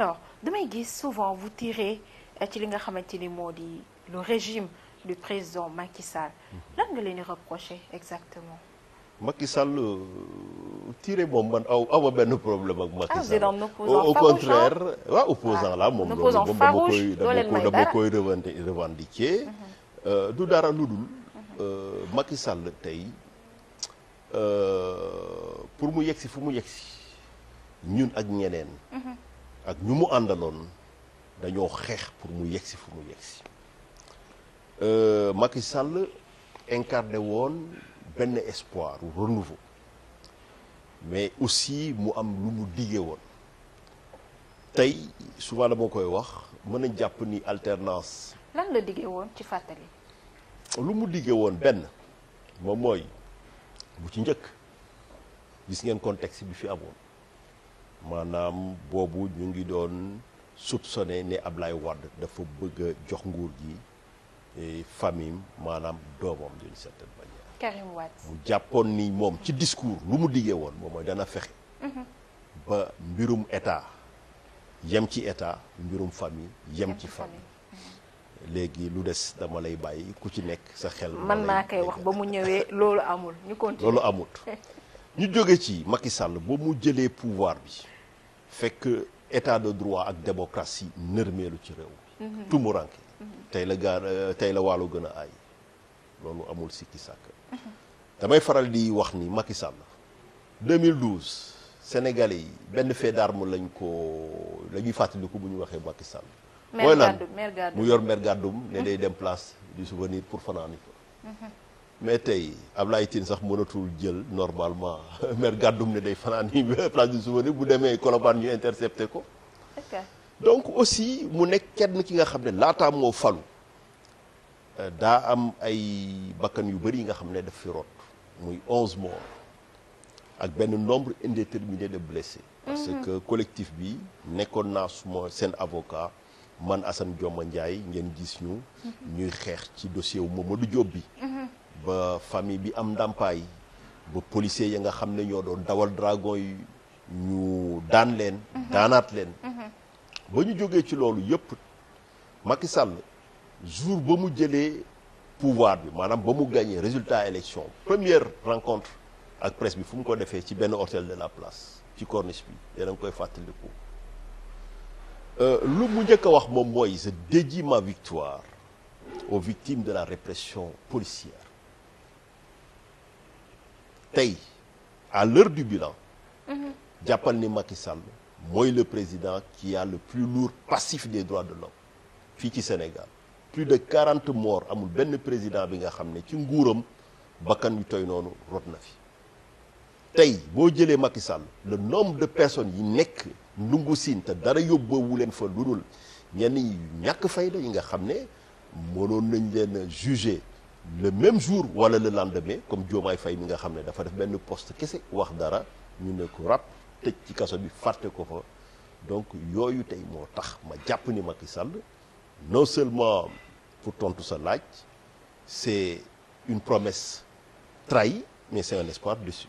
alors damay gis souvent vous tirez euh, ci li nga xamante ni moo di le régime du président Macky Sall mhm. nga leen di reprocher exactement. Macky Sall euh, tiré moom man aw aw benn problème ak Macky ah, Sall au contraire waaw opposant la ah, moom moom dama koy dama koy revendiquer mhm. euh, du dara lu dul mhm. Macky Sall tey pour mu yegsi fu mu yegsi ñun ak ñeneen ak ñu mu àndaloon dañoo xeex pour mu yegsi fu mu yegsi euh, Macky Sall incarné woon benn espoir ou renouveau mais aussi mu am lu mu diggee woon tey souvent dama koy wax mën a jàpp ni alternance lan la diggee woon ci fàttali lu mu diggee woon benn moom mooy bu ci njëkk gis ngeen contexte bi fi amoon maanaam boobu ñu ngi doon soupçonné ne Ablaye wadd dafa bëgg a jox nguur gi e, famille maanaam doomam d'une mu jàppoon ni moom ci discours lu mu diggee woon moom mooy dana fexe. Mm-hmm. ba mbirum état yem ci état mbirum famille yem ci famille. Mm-hmm. léegi lu des dama lay bàyyi ku ci nekk sa xel. man maa koy wax ba mu ñëwee loolu amul ñu loolu amut ñu jóge ci Macky sàll ba mu jëlee pouvoir bi. fekk état de droit ak démocratie nërmeelu ci réew mi mhm. tumuranke mhm. tey la gaar euh, tey la waalo gën a aay loolu amul sikki sàkk mhm. damay faral di wax ni Macky Sall 2012 Sénégalais yi benn fait d'arme lañ ko la ñuy fàttaliku bu ñu waxee Macky Sall mooy lan mu yor mer gàddum ne day dem place du souvenir pour fanaani fa mais tey Ablaye Tine sax mënatul jël normalement maire gàddum ne day fanaan yi place du souvenir bu demee Colobane ñu ko donc aussi mu nekk kenn ki nga xam ne laataam moo euh, daa am ay bakkan yu bëri yi nga xam ne daf fi muy onze morts ak benn nombre indéterminé de blessés parce mhm. que collectif bi nekkoon naa suma seen avocat man Assane jomma Ndiaye ngeen gis ñu mhm. ñuy xeex ci dossier wu Mamadou jóob bi mhm. ba famille bi am ndàmpaay ba policier yi nga xam ne ñoo doon dawal dragon yi ñu daan leen mhm. daanaat leen mhm. ba ñu jógee ci loolu yëpp Macky Sall jour ba mu jëlee pouvoir bi maanaam ba mu gagné résultat élection première rencontre ak presse bi fu mu ko defee ci benn hôtel de la place ci corniche bi yéen koy fàttaliku euh, lu mu njëkk a wax moom mooy je dédie ma victoire aux victimes de la répression policière tey à l'heure du bilan mhm. jàppal ni Macky Sall mooy le président qui a le plus lourd passif des droits de l'homme fii ci Sénégal plus de quarante morts amul benn président bi nga xam ne ci nguuram bakkan yu toy noonu rot na fi tey boo jëlee Macky Sall le nombre de personnes yi nekk ndungu siin te dara yóbbawu leen fa lu dul ñenn ñi ñàkk fayda yi nga xam ne mënoon nañ leen juger le même jour wala le lendemain comme Diomaye fay mi nga xam ne dafa def benn poste kese wax dara ñu ne ko rab tëj ci kaso bi fàtte ko fa donc yooyu tey moo tax ma jàpp ni Macky Sall non seulement pour tontu sa laaj c'est une promesse trahie mais c'est un espoir déçu